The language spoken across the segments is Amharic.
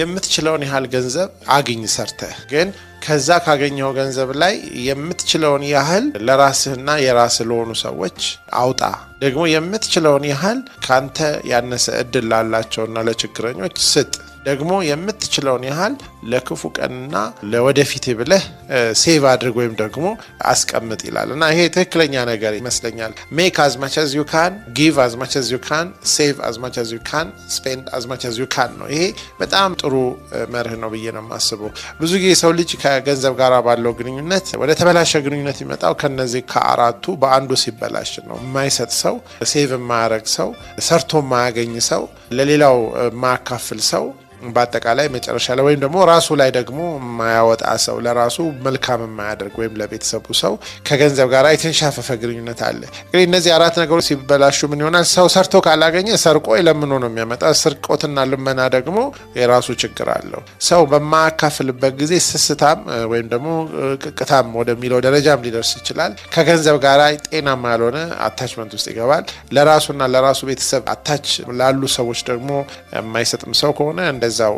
የምትችለውን ያህል ገንዘብ አግኝ ሰርተህ ግን ከዛ ካገኘው ገንዘብ ላይ የምትችለውን ያህል ለራስህና የራስህ ለሆኑ ሰዎች አውጣ። ደግሞ የምትችለውን ያህል ካንተ ያነሰ እድል ላላቸውና ለችግረኞች ስጥ። ደግሞ የምትችለውን ያህል ለክፉ ቀንና ለወደፊት ብለህ ሴቭ አድርግ ወይም ደግሞ አስቀምጥ ይላል እና ይሄ ትክክለኛ ነገር ይመስለኛል። ሜክ አዝ ዩካን፣ አዝ ዩ ካን፣ ጊቭ አዝ ማች አዝ ዩ ካን፣ ሴቭ አዝ አዝ ዩ ካን፣ ስፔንድ አዝ ዩካን አዝ ዩ ካን ነው። ይሄ በጣም ጥሩ መርህ ነው ብዬ ነው የማስበው። ብዙ ጊዜ ሰው ልጅ ከገንዘብ ጋር ባለው ግንኙነት ወደ ተበላሸ ግንኙነት ይመጣው ከነዚህ ከአራቱ በአንዱ ሲበላሽ ነው። የማይሰጥ ሰው፣ ሴቭ የማያረግ ሰው፣ ሰርቶ የማያገኝ ሰው፣ ለሌላው የማያካፍል ሰው በአጠቃላይ መጨረሻ ላይ ወይም ደግሞ ራሱ ላይ ደግሞ የማያወጣ ሰው ለራሱ መልካም የማያደርግ ወይም ለቤተሰቡ ሰው ከገንዘብ ጋር የተንሻፈፈ ግንኙነት አለ። እንግዲህ እነዚህ አራት ነገሮች ሲበላሹ ምን ይሆናል? ሰው ሰርቶ ካላገኘ ሰርቆ ለምኖ ነው የሚያመጣ። ስርቆትና ልመና ደግሞ የራሱ ችግር አለው። ሰው በማያካፍልበት ጊዜ ስስታም ወይም ደግሞ ቅቅታም ወደሚለው ደረጃም ሊደርስ ይችላል። ከገንዘብ ጋር ጤናማ ያልሆነ አታችመንት ውስጥ ይገባል። ለራሱና ለራሱ ቤተሰብ አታች ላሉ ሰዎች ደግሞ የማይሰጥም ሰው ከሆነ እንደዛው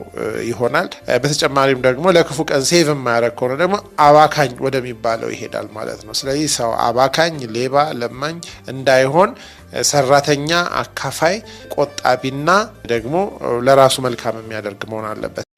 ይሆናል። በተጨማሪም ደግሞ ለክፉ ቀን ሴቭ የማያደርግ ከሆነ ደግሞ አባካኝ ወደሚባለው ይሄዳል ማለት ነው። ስለዚህ ሰው አባካኝ፣ ሌባ፣ ለማኝ እንዳይሆን ሰራተኛ፣ አካፋይ፣ ቆጣቢና ደግሞ ለራሱ መልካም የሚያደርግ መሆን አለበት።